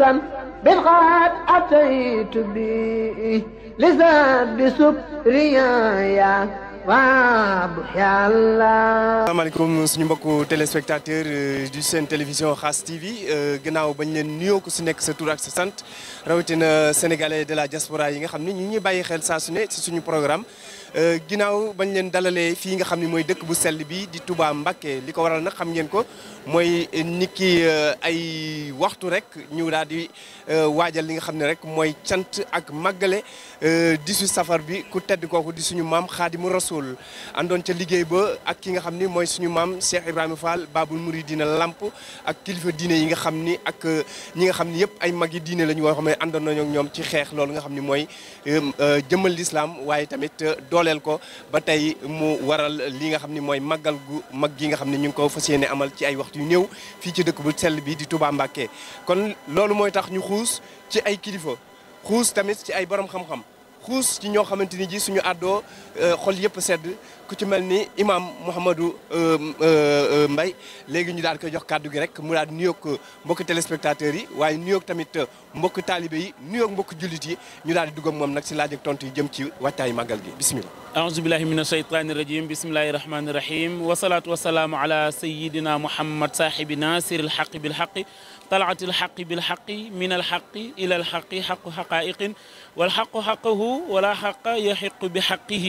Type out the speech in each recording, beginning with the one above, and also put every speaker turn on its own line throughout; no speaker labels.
نفسا بالغاد أتيت
به لزاد بسكريا salaamaaleykum suñu mbokku téléspectateur du seen télévision Khass TV euh, gannaaw bañ leen nuyoo ku si nekk sa tur ak sa sant rawatina sénégalais de la diaspora yi nga xam ne ñu ngi bàyyi xel sa su ne si suñu programme. Euh, ginnaaw bañ leen dalalee fii nga xam ne mooy dëkk bu sell bi di Touba Mbacké li ko waral nag xam ngeen ko mooy nit ki euh, ay waxtu rek ñu daal di euh, waajal li nga xam ne rek mooy cant ak màggale 18 safar bi ku tedd kooku di suñu maam Xaadimu Rasuul àndoon ca liggéey ba ak ki nga xam ni mooy suñu maam Cheikh Ibrahima Fall Babul Mouridina Lamp ak kilifa diine yi nga xam ni ak ñi nga xam ni yëpp ay mag yi diine lañu woo xam ne àndoon nañu ak ñoom ci xeex loolu nga xam ni mooy jëmmal lislaam waaye tamit dooleel ko ba tey mu waral li nga xam ni mooy màggal gu mag gi nga xam ne ñu ngi ko fas yéene amal ci ay waxtu yu néew fii ci dëkk bu sell bi di Touba Mbacké kon loolu mooy tax ñu xuus ci ay kilifa xuus tamit ci ay borom xam-xam xuus ci ñoo xamante ni ji suñu àddoo euh, xol yëpp sedd ku ci mel ni imaam Mouhamadou euh, euh, Mbaye léegi ñu daal koy jox kàddu gi rek mu daal nuyoog mbokk téléspectateurs yi waaye nuyoog tamit mbokk taalibe yi nuyoog mbokk jullit yi ñu daal di dugg moom nag si laaj ak tontu yi jëm ci waajtaayu màggal gi bisimilah.
aouzu billahi mina shaytaani rajim bismillahi rahmaani rahim wasalaatu wasalaamu ala sayyidina muhammad saaxibi naasiril xaqi bil xaqi طلعت الحق بالحق من الحق إلى الحق حق حقائق والحق حقه ولا حق يحق بحقه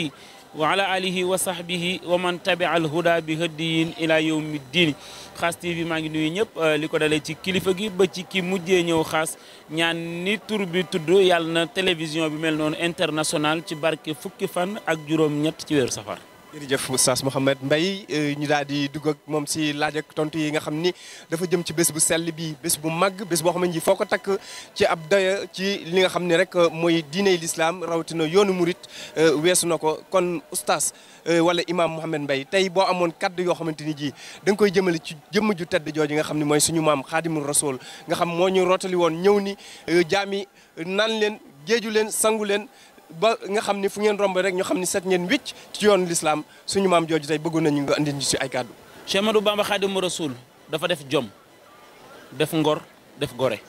وعلى آله وصحبه ومن تبع الهدى bi إلى يوم الدين xaas TV maa ngi nuyu ñëpp li ko dalee ci kilifa gi ba ci ki mujjee ñëw xaas ñaan ni tur bi tudd yàlla na
télévision bi mel noonu international ci barke fukki fan ak juróom ñett ci weer safar jërëjëf Oustaz Mouhamed mbay euh, ñu daal di dugg moom si laaj ak tontu yi nga xam ni dafa jëm ci bés bu sell bi bés bu màgg bés boo xam ne ji foo ko takk ci ab daya ci li nga xam ne rek euh, mooy diiney lislaam rawatina yoonu murit euh, weesu na ko kon Oustaz wala imaam Mouhamed Mbaye tey boo amoon kaddu yoo xamante ni ji da koy jëmale ci jëmm ju tedd jooju nga xam ne mooy suñu maam xaadimul rasool nga xam moo ñu rootali woon ñëw ni jaami naan leen géeju leen sangu leen ba nga xam ni fu ngeen romb rek ñoo xam ni set ngeen wicc ci yoon lislaam suñu maam jooju tey bëggoon nañu nga andi ñu si ay kàddu. Cheikh Ahmadou Bamba Xaadimu Rasuul dafa def jom
def ngor def gore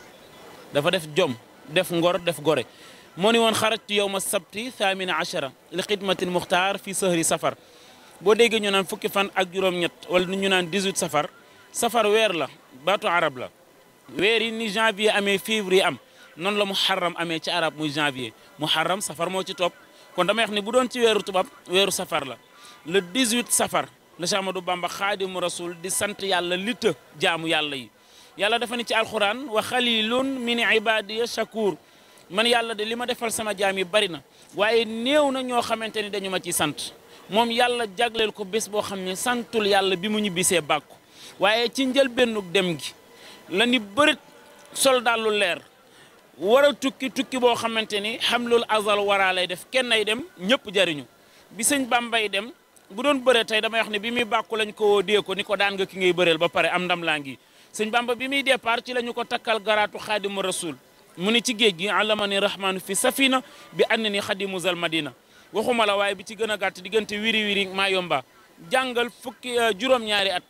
dafa def jom def ngor def gore moo ni woon xarajtu yawma sabti thamina achara li xidmatil muxtaar fi sahri safar boo déggee ñu naan fukki fan ak juróom-ñett wala ñu naan 18 safar safar weer la baatu arab la weer yi ni janvier amee février am noonu la muharram amee ci arab muy janvier muharram safar moo ci topp kon damay wax ne bu doon ci weeru tubaab weeru safar la le 18 safar la Cheikh Ahmadou Bamba xaadimu rasul di sant yàlla li jaamu yàlla yi yàlla dafa ne ci alxuraan wa xalilun min ibadiya shakur man yàlla de li ma defal sama jaam yi bari na waaye néew na ñoo xamante ni dañu ma ci sant moom yàlla jagleel ko bés boo xam ne santul yàlla bi mu ñibbisee bisee waaye ci njëlbéenug dem gi la ni bërit leer war a tukki tukki boo xamante ni xamlul azal waraa lay def kenn ay dem ñëpp jariñu bi sëñ bàmbay dem bu doon bëre tey damay wax ne bi muy bàkku lañ ko woo ko ni ko daan nga ki ngay bëreel ba pare am ndam laa ngi sëñ bàmba bi muy départ ci la ko takkal garaatu xaadimu rasul mu ni ci géej gi alamani rahmaanu fi safina bi ànd ni xadimu zal madina waxuma la waaye bi ci gën a gàtt diggante wiri wiri maa yomba jàngal fukki eh, juróom-ñaari at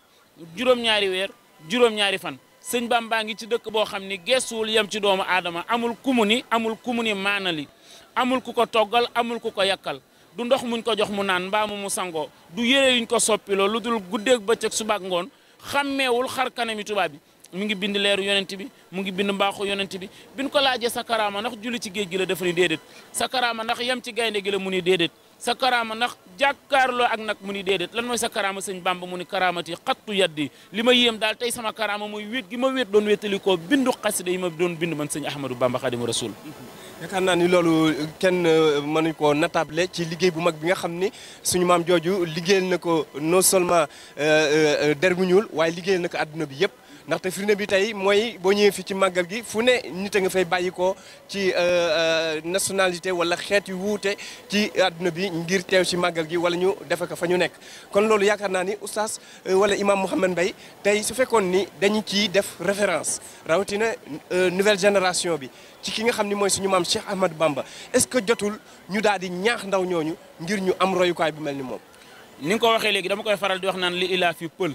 juróom-ñaari weer juróom fan sëñ bambaa ngi ci dëkk boo xam ni geesuwul yem ci doomu aadama amul kumu ni amul kumu ni maanali amul ku ko toggal amul ku ko yakkal du ndox muñ ko jox mu naan mbaamu mu sangoo du yére yuñ ko soppiloo lu dul guddeeg bëccëg subaak ngoon xàmmeewul xar kanami tubaab bi mi ngi bind leeru yonent bi mu ngi bind mbaaxu yonent bi biñ ko laaje sa karaama ndax julli ci géej gi la dafa ni déedéet sa karaama ndax yam ci gaynde gi la mu ni déedéet sa karaama ndax jàkkaarloo ak nag mu ni déedéet lan mooy sa karaama sëñ Bamba mu ni karaamati xattu yaddi li ma yéem daal tey sama karaama muy wéet gi ma
wéet doon wéetalikoo bindu xasida yi ma doon bind man sëñ Ahmadou Bamba Xadimu Rasul yaakaar naa i loolu kenn euh, mënuñ koo natable ci liggéey bu mag bi nga xam ni suñu maam jooju liggéeyal na ko non seulement euh, euh, der bu waaye liggéeyal na ko àdduna bi yëpp ndaxte firnde bi tey mooy boo ñëwee fii ci màggal gi fu ne nit a nga fay bàyyikoo ci euh, euh, nationalité wala xeet yu wuute ci àdduna bi ngir teew ci màggal gi wala ñu defe ko fa ñu nekk kon loolu yaakaar naa ni oustaz euh, wala imam Mouhamed Mbaye tey su fekkoon ni dañu ciy def référence rawatina nouvelle génération bi ci ki nga xam ni mooy su suñu maam Cheikh Ahmad Bamba est-ce que jotul ñu daal di ñaax ndaw ñooñu ngir ñu am royukaay bu mel ni moom. ni nga
ko waxee léegi dama koy faral di wax naan li ilaa fi pël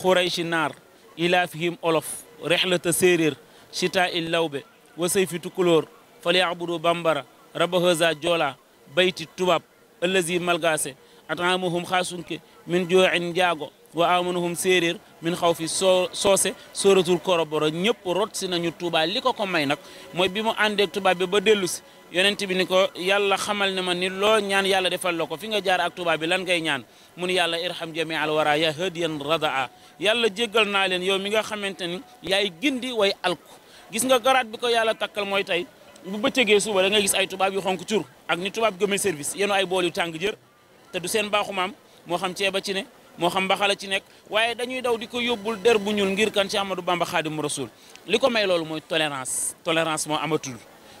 xurey si naar. ilaafihim olof rexlata séeréer chita il lawbe wa sayfi tukulóor fali yaabudu bambara rabaheza joola bayti tubaab ëllëzi malgaase ataamahum xaasunke min jooin njaago wa amanuhum séeréer min xaw fi soo soose sóoratul koroboro ñëpp rot si nañu Touba li ko ko may nag mooy bi mu àndeek tubaab bi ba dellu si yonent bi ni ko yàlla xamal ne ma ni loo ñaan yàlla defal la ko fi nga jaar ak tubaab bi lan ngay ñaan mu ni yàlla irham jami al wara ya hadiyan a yàlla jéggal naa leen yow mi nga xamante ni yaay gindi way alku gis nga garaat bi ko yàlla takkal mooy tey bu ba tegee suuba da nga gis ay tubaab yu xonk cur ak ni tubaab gëmee service yéen ay bool yu tàng jër te du seen baaxu maam moo xam ceeba ci ne moo xam mbaxala ci nekk waaye dañuy daw di ko yóbbul der bu ñuul ngir kan ci Amadou Bamba Xaadimu Rasul li ko may loolu mooy tolérance tolérance moo amatul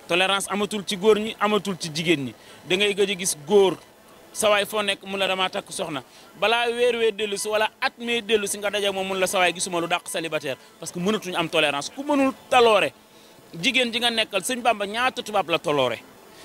tolérance amatul ci góor ñi amatul ci jigéen ñi da ngay gëj a gis góor sawaay foo nekk mun la damaa takk soxna balaa weer wee dellu si wala at mee dellu si nga daje moom mun la sawaay gisuma lu dàq célibataire parce que mënatuñu am tolérance ku mënul taloore jigéen ji nga nekkal sëñ Bamba ñaata tubaab la toloore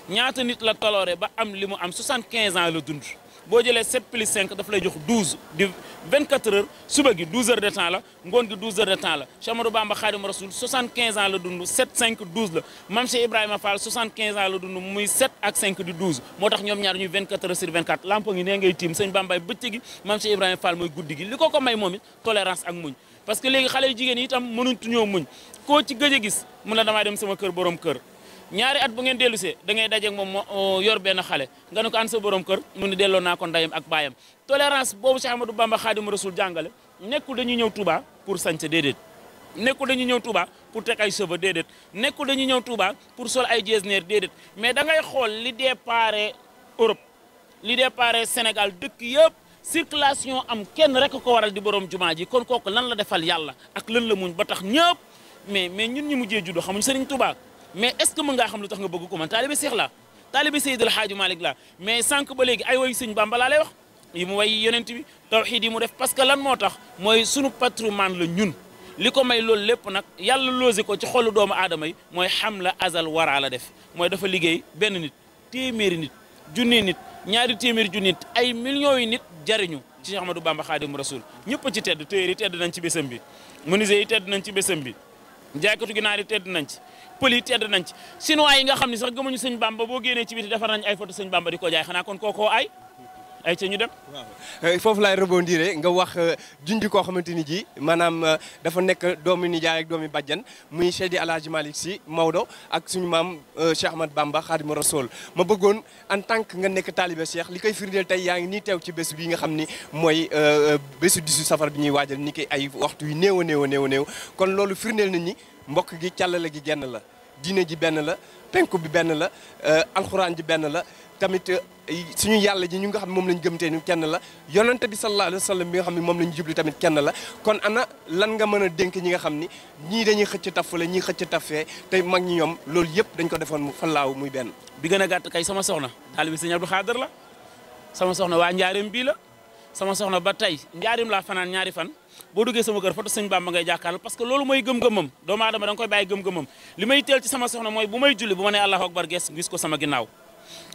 ñaata nit la toloore ba am li mu am 75 ans la dund boo jëlee 7 plus 5 daf lay jox 12 di 24 heures suba gi 12 heures de temps la ngoon gi 12 heures de temps la Cheikh Ahmadou Bamba Khadim Rasoul 75 ans la dund 7 5 12 la Mame Cheikh Ibrahima Fall 75 ans la dund muy 7 ak 5 di 12 moo tax ñoom ñaar ñuy 24 heures sur 24 lampo ngi nee ngay tiim sëñ Bambay guddi gi li ko ko may moom it tolérance ak muñ parce que léegi xale yu jigéen yi itam mënuñu ñoo muñ koo ci gëj a gis mun la damay dem sama kër borom kër ñaari at bu ngeen dellusee da ngay dajeeg moom moo oh, yor benn xale nga ne ko an sa borom kër mu ne delloo naa kon ndayam ak baayam tolérance boobu Cheikh Amadou Bamba Xaadimu Rasul jàngale nekkul dañuy ñëw Touba pour sañse déedéet nekkul dañuy ñëw Touba pour teg ay cheveux déedéet nekkul dañuy ñëw Touba pour sol ay jeesneer déedéet mais da ngay xool li déparé Europe li déparé Sénégal dëkk yëpp circulation am kenn rek ko waral di borom jumaa ji kon kooku lan la defal yàlla ak lan la muñ ba tax ñëpp mais mais ñun ñu mujjee juddu xamuñ Serigne Touba. mais est ce que mën ngaa xam lu tax nga bëgg ko man taalibe Seex laa taalibe Seydil Xaaju Malick laa mais sànq ba léegi ay woyu sëñ Bamba laa lay wax yi mu way yonent bi tawxiid yi mu def parce que lan moo tax mooy sunu patrimoine la ñun li ko may loolu lépp nag yàlla loose ko ci xolu doomu aadama yi mooy xam la azal waraa la def mooy dafa liggéey benn nit téeméeri nit junni nit ñaari téeméeri junni nit ay millions yi nit jariñu ci Ahmadou Bamba Xaadimu Rasul ñëpp ci tedd téere yi tedd nañ ci bésam bi menuisier yi nañ ci bésam bi jaaykatu ginaar yi tedd nañ ci pël yi tedd nañ ci nga xam ne sax gëmuñu sëñ bamba boo génnee ci biti defar nañ ay photo sëñ bamba di ko jaay xanaa kon kookoo ay ay ca ñu dem. waaw
eh, foofu laay rebondir nga wax euh, junj koo xamante ni ji maanaam euh, dafa nekk doomu nijaay ak doomi bàjjan muy Seydi El Hadji si Sy Maodo ak suñu maam euh, Cheikh Ahmad Bamba Xaadimu Rasuul ma bëggoon en tant que nga nekk taalibe Cheikh li koy firndeel tey yaa ngi nii teew ci bés bi nga xam ni mooy bésu 18 safar bi ñuy waajal ni ki ay waxtu yu néew a néew a néew a kon loolu firndeel nañ ni mbokk gi càllale gi genn la. diine ji benn la penku bi benn la euh, alxuraan ji benn la tamit euh, suñu yàlla ji ñu nga xam ne moom lañ gëm te ñu kenn la yonante bi sallallahu alayhi wa sallam bi nga xam ne moom lañ jublu tamit kenn la kon ana lan nga mën a dénk ñi nga xam ni ñii dañuy xëcc taf la ñii xëcc fee te mag ñi ñoom loolu yëpp dañ ko defoon mu fallaaw muy benn bi gën a gàtt kay sama soxna daal bi sëñ Abdou la sama soxna waa njaareem bii la
sama soxna ba tey njaarim laa fanaan ñaari fan boo duggee sama kër foto sëñ Bamba ngay jàkkaarloo parce que loolu mooy gëm-gëmam doomu aadama da nga koy bàyyi gëm-gëmam li may teel ci sama soxna mooy bu may julli bu ma nee allahu akbar gees gis ko sama ginnaaw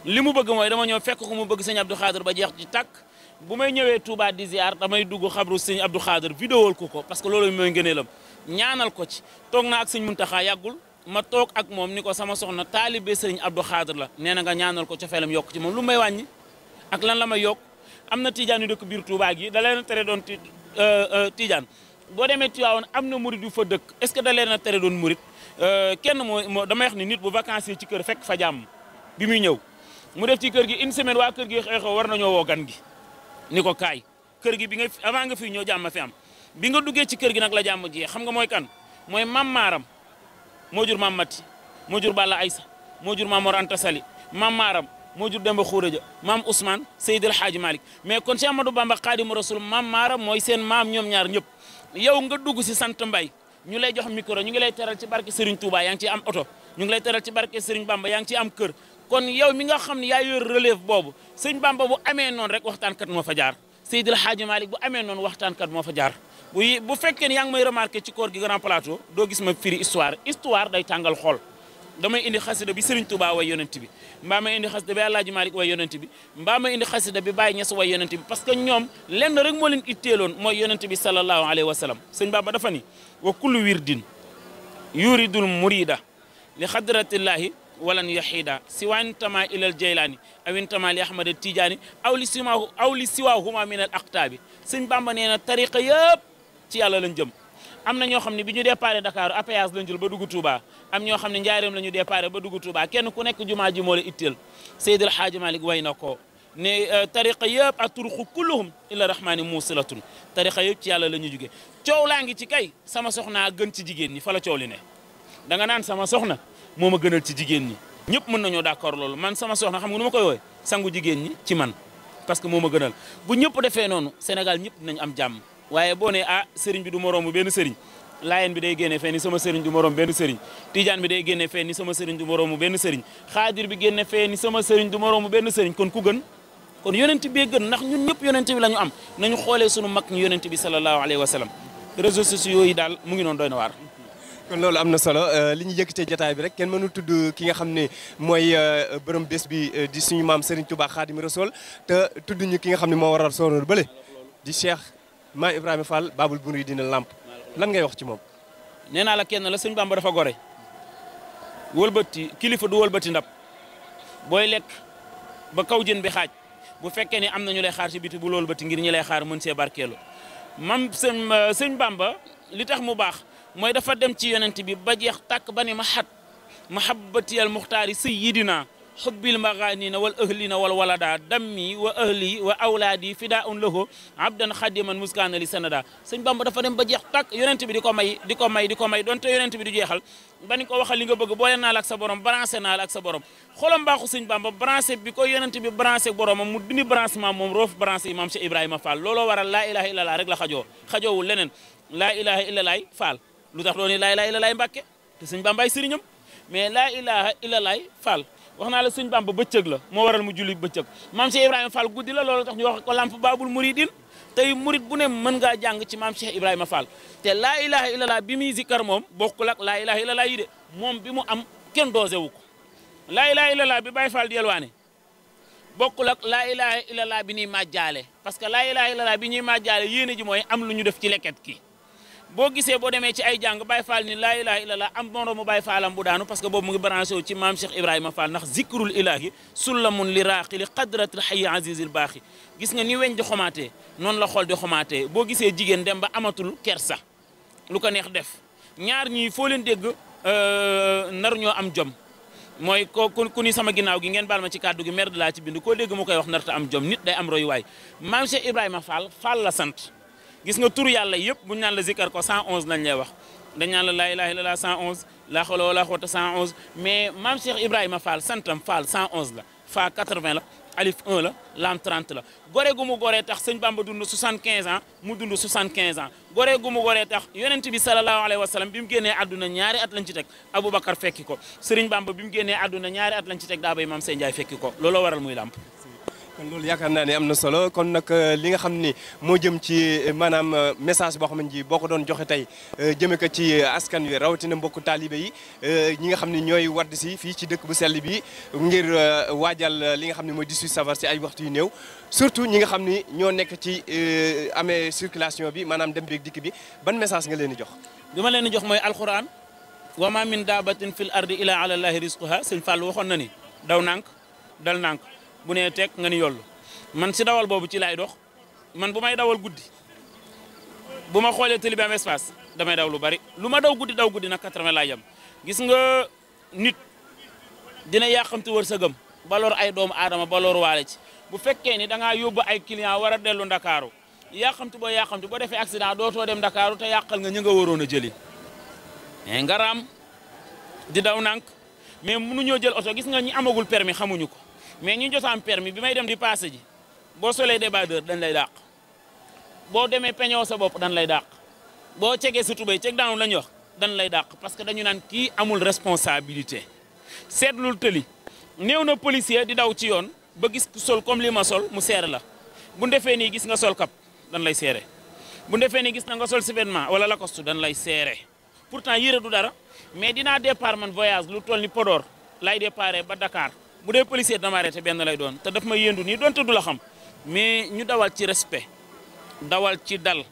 li mu bëgg mooy dama ñëw fekk ko mu bëgg sëñ Abdou Khadir ba jeex ci tàkk bu may ñëwee Touba di damay dugg xabru sëñ Abdou Khadir vidéol ko ko parce que loolu mooy ngëneelam ñaanal ko ci toog naa ak sëñ Muntaxa yàggul ma toog ak moom ni ko sama soxna taalibe sëriñ Abdou Khadir la nee na nga ñaanal ko cofeelam yokk ci moom lu may wàññi ak lan la may yokk am na tijaan yu dëkk biir Touba gi da leen tere doon tijaan euh, euh, boo demee Tiwaawoon am na murit yu fa dëkk est-ce que da leen a tere doon murit euh, kenn moo moo damay wax ni nit bu vacances ci kër fekk fa jàmm bi muy ñëw mu def ci kër gi une semaine waa kër gi xeexoo war nañoo woo gan gi ni ko kaay kër gi bi nga avant nga fi ñëw jàmm fi am bi nga duggee ci kër gi nag la jàmm jiyee xam nga mooy kan mooy mam maaram moo jur mam matti moo jur Balla Aysa moo jur Maam Mor Sali mam moo jur Demba Xuuréja maam Ousmane Seydi El Hadji Malick mais kon Cheikh Amadou Bamba Xaadimu Rasul maam Maara mooy seen maam ñoom ñaar ñëpp yow nga dugg si sant mbay ñu lay jox micro ñu ngi lay teral ci barke Serigne Touba yaa ngi ciy am oto ñu ngi lay teral ci barke Serigne Bamba yaa ngi am kër kon yow mi nga xam ne yaa yor relève boobu Serigne Bamba bu amee noonu rek waxtaankat moo moo fa jaar day tàngal xool damay indi xasida bi Serigne Touba way yonent bi mbaa may indi xasida bi Alaaji Malick way yonent bi mbaa may indi xasida bi Baye Niass way ñoom lenn rek moo leen itteeloon mooy yonent bi sallallahu alayhi wa sallam sëñ Baba dafa ni wa kullu wirdin yuridul murida li xadratillahi walan yaxiida siwa intama ilal jaylaani aw intama li ahmad tijaani aw li siwaahu aw li siwaahuma min al aqtaabi sëñ Bamba nee na tariqa yëpp ci yàlla lañ jëm am na ñoo xam ne bi ñu déparé Dakar à péage lañ jël ba dugg Touba am ñoo xam ne njaareem la ñu déparé ba dugg Touba kenn ku nekk jumaa ji moo la itteel Seydil Hadji Malick way na ko ne euh, tariqa yëpp ak turuqu kulluhum illa rahmaani muusilatun tariqa yëpp ci yàlla la ñu jugee coow laa ngi ci kay sama soxnaa gën ci jigéen ñi fa la coow li ne danga naan sama soxna moom ma gënal ci jigéen ñi ñëpp mën nañoo d'accord loolu man sama soxna xam nga nu koy wooye sangu jigéen ñi ci man parce que moo ma gënal bu ñëpp defee noonu Sénégal ñëpp dinañ am jàmm waaye boo ne ah sëriñ bi du moroom benn sëriñ laayeen bi day génne fee ni sama sëriñ du moroom benn sëriñ tijaan bi day génne fee ni sama sëriñ du moroomu benn sëriñ xaadir bi génne fee ni sama sëriñ du moroomu benn sëriñ kon ku gën kon yonent bee gën ndax ñun ñëpp yonent bi la ñu am
nañu xoolee sunu mag ñu yonent bi sallallahu alayhi wa sallam réseaux sociaux yi daal mu ngi noonu doy na waar loolu am na solo euh, li ñu yëkkatee jataay bi rek kenn mënu tudd ki nga xam ne mooy euh, borom bés bi euh, di suñu maam Serigne Touba Khadim Rasoul te tudd ñu ki nga xam ne moo waral sooroon bële di Cheikh Maam Ibrahima Fall Babul Mouridina làmp lan ngay wax ci moom.
nee naa la kenn la sëñ bàmba dafa gore wëlbati kilifa du walbati ndab booy lekk ba kaw jën bi xaaj bu fekkee ne am na ñu lay xaar ci biti bu loolu bati ngir ñu lay xaar mën see barkeelu mam sëñ sëñ Bamba li tax mu baax mooy dafa dem ci yonent bi ba jeex tàkk ba ni ma xat mahabbati al muxtaari sayyidina xubbil maxaanina wal ahlina wal walada dammi wa ahli wa awlaadi fidaa un lahu abdan xadiman muskaana li sanada sëñ bamba dafa dem ba jeex tàkk di ko may di ko may di ko may donte yonent bi du jeexal bani ko waxal li boole naa la borom branché naa la borom xolam baaxu sëñ bamba branché bi ko yonent bi branché boromam mu dindi branchement moom roof branché imam Cheikh Ibrahima Fall looloo waral laa ilaha illallah rek la xajoo xajoowul leneen laa ilaha illallah Fall lu tax doon laa ilaha illallah Mbàkke te sëñ bamba laa ilaha illallah Fall wax naa la sëñ Bamba bëccëg la moo waral mu julli bëccëg maam Cheikh Ibrahima Fall guddi la loolu tax ñu wax ko lamp baabul muridin tey murid bu ne mën ngaa jàng ci maam Cheikh Ibrahima Fall te laa ilaha illallah bi muy zikkar moom bokkul laa ilaha illallah yi de moom bi mu am kenn doose wu ko laa ilaha illallah bi Baye Fall di yelwaane bokkul ak laa ilaha illallah bi ñuy màjjaale parce que laa ilaha illallah bi ñuy màjjaale yéene ji mooy am lu ñu def ci leket ki boo gisee boo demee ci ay jàng Baye Fall ni laa ilaha illallah am moroomu Baye Fallam bu daanu parce que boobu mu ngi branché wu ci maam Cheikh Ibrahima Fall ndax zikrul ilahi sullamun li raaqi li qadratil hayyi azizil baaxi gis nga ni weñ di xomaatee noonu la xool di xomaatee boo gisee jigéen dem ba amatul kersa lu ko neex def ñaar ñii foo leen dégg euh, nar ñoo am jom mooy ko ku ni sama ginaaw gi ngeen baal ma ci kàddu gi merde laa ci bind koo dégg mu koy wax narta am jom nit day am royuwaay maam Cheikh Ibrahima Fall Fall la sant gis nga tur yàlla yëpp bu ñu naan la zikkar ko 111 lañ lay wax dañ naan la laa ilaaha illallaah 111 laa hawla wa laa quwwata 111 mais maam Cheikh Ibrahima Fall santam Fall 111 la Fa 80 la alif 1 la laam 30 la gore gu mu tax sëñ Bamba dund 75 ans mu dund 75 ans gore gu mu goree tax yonent bi salallaahu alayhi wa sallam bi mu génnee àdduna ñaari at lañ ci teg Aboubacar fekki ko sëriñ Bamba bi mu génnee ñaari at lañ ci teg daa bay maam Sey
kon loolu yaakaar naa ne am na solo kon nag euh, li nga xam ni moo jëm ci euh, maanaam euh, message boo xam ne ji boo ko doon joxe tey jëme ko ci askan wi rawatina mbokku taalibe yi ñi nga xam ne ñooy wadd si fii ci dëkk bu sell bi ngir waajal li nga xam ne mooy 18 safar si ay waxtu yu new surtout ñi nga xam ni ñoo nekk ci amee circulation bi maanaam dem beeg dikk bi ban message nga leen di jox. bi ma jox mooy alquran. wa maa min daabatin fil ardi illa ala waxoon na ni
bu ne tek nga ni yollu man si dawal boobu ci laay dox man bu may dawal guddi bu ma xoolee tëli bi espace damay daw lu bari lu ma daw guddi daw guddi na 80 laay yem gis nga nit dina yàqamti wërsëgam balor ay doomu aadama balor waale ci bu fekkee ni da ngaa yóbbu ay client war a dellu ndakaaru yàqamti boo yàqamti boo defee accident dootoo dem ndakaaru te yàqal nga ñu nga waroon a jëli mais nga raam di daw nànk mais mënuñoo jël oto gis nga ñi amagul permis xamuñu ko mais ñu jot am permis bi may dem di passé ji boo solee débardeur dañ lay dàq boo demee peñoo sa bopp dañ lay dàq boo cegee sa tubéy ceg daanu la ñu wax dañ lay dàq parce que dañu naan kii amul responsabilité seetlul tëli néew na policier di daw ci yoon ba gis sol comme lii ma sol mu seere la bu defee nii gis nga sol kap dañ lay seere bu defee nii gis na nga sol si vêtement wala lacoste dañ lay seere pourtant yére du dara mais dinaa départ man voyage lu toll ni Podor lay déparé ba Dakar bu dee policier dama arrêté benn lay doon te daf ma yëndu nii doonte du la xam mais ñu dawal ci respect dawal ci dal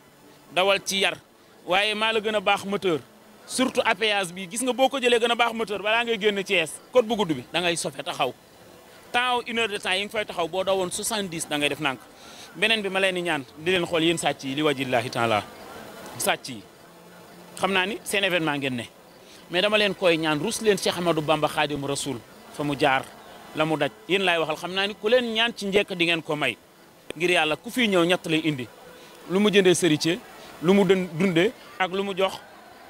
dawal ci yar waaye maa la gën a baax moteur surtout apéage bi gis nga boo ko jëlee gën a baax moteur balaa ngay génn ci Thiès code bu gudd bi da ngay sofe taxaw temps une heure de temps yi nga fay taxaw boo dawoon 70 da ngay def nànk beneen bi ma leen di ñaan di leen xool yéen sàcc yi li wajillahi taala sàcc yi xam naa ni seen événement ngeen ne mais dama leen koy ñaan rus leen Cheikh Amadou Bamba Khadim Rasoul fa mu jaar la mu daj yéen laay waxal xam naa ni ku leen ñaan ci njekk di ngeen ko may ngir yàlla ku fi ñëw ñett lay indi lu mu jëndee sëritie lu mu dën dundee ak lu mu jox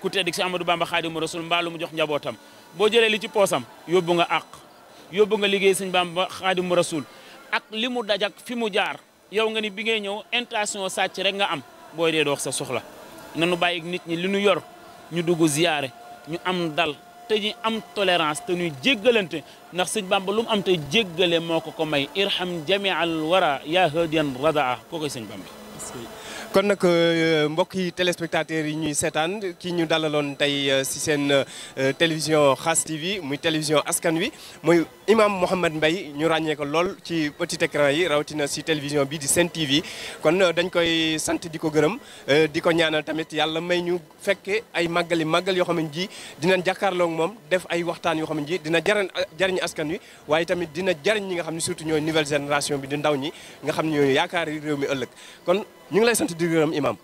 ku tedd si Amadou Bamba Xaadimu Rasul mbaa lu mu jox njabootam boo jëlee li ci poosam yóbbu nga àq yóbbu nga liggéey baam sëñ Bamba Xaadimu Rasul ak li mu dajak fi mu jaar yow nga ni bi ngay ñëw intention sàcc rek nga am boo dee dox sa soxla nanu bàyyi nit ñi li ñu yor ñu dugg ziyaare te ñuy am tolérance te ñuy jéggalante ndax sëñ bamba lum am tey
jéggale moo ko ko may irham jami al wara yaa hadiyan radaa koo koy sëñ bamba kon nag euh, mbokki téléspectateurs yi ñuy seetaan ki ñu dalaloon tey euh, si seen euh, télévision Khass TV muy télévision askan wi muy imam Mouhamed mbay ñu ràññee lool ci petit écran yi rawatina si télévision bi di Sen TV kon dañ koy sant di ko gërëm di ko ñaanal tamit yàlla may ñu fekke ay màggali màggal yoo xam ne ji dinañ jàkkaarloog moom def ay waxtaan yoo xam ne ji dina jariñ jariñ askan wi waaye tamit dina jariñ ñi nga xam ne surtout ñooy nouvelle génération bi di ndaw ñi xam ne ñooy yaakaar réew mi ëllëg ñu ngi lay sant di gërëm imam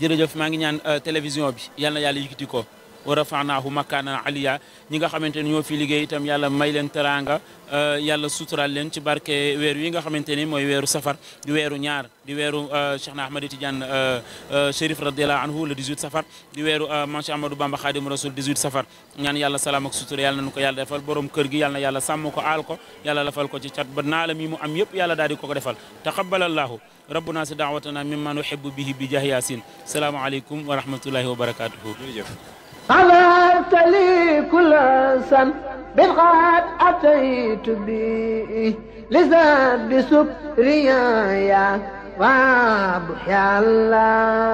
jërëjëf maa ngi ñaan euh, télévision bi yal na yàlla yëkkati ko wa
rafanaahu makaanan aliya ñi nga xamante ni ñoo fi liggéey tam yàlla may leen teraanga euh, yàlla sutural leen ci barke weer wi nga xamante ni mooy weeru safar di weeru ñaar di weeru euh, Cheikh na Ahmadi Tidiane euh, Chérif radiallahu anhu le 18 safar di weeru Maam Cheikh Ahmadou Bamba Xaadim Rasul 18 safar ñaan yàlla salaam ak sutura yàlla nañu ko yàlla defal borom kër gi yàlla na yàlla sàmm ko aal ko yàlla lafal ko ci cat ba naala mi mu am yëpp yàlla daal di ko ko defal taqabbalallahu rabbuna si daawatana mimman uhibbu bihi bi jaah yaasin salaamu aleykum wa rahmatullahi wa barakatuhu غفرت لي كل سن بالغاد أتيت بي لزاد بسكريا يا وابح يا الله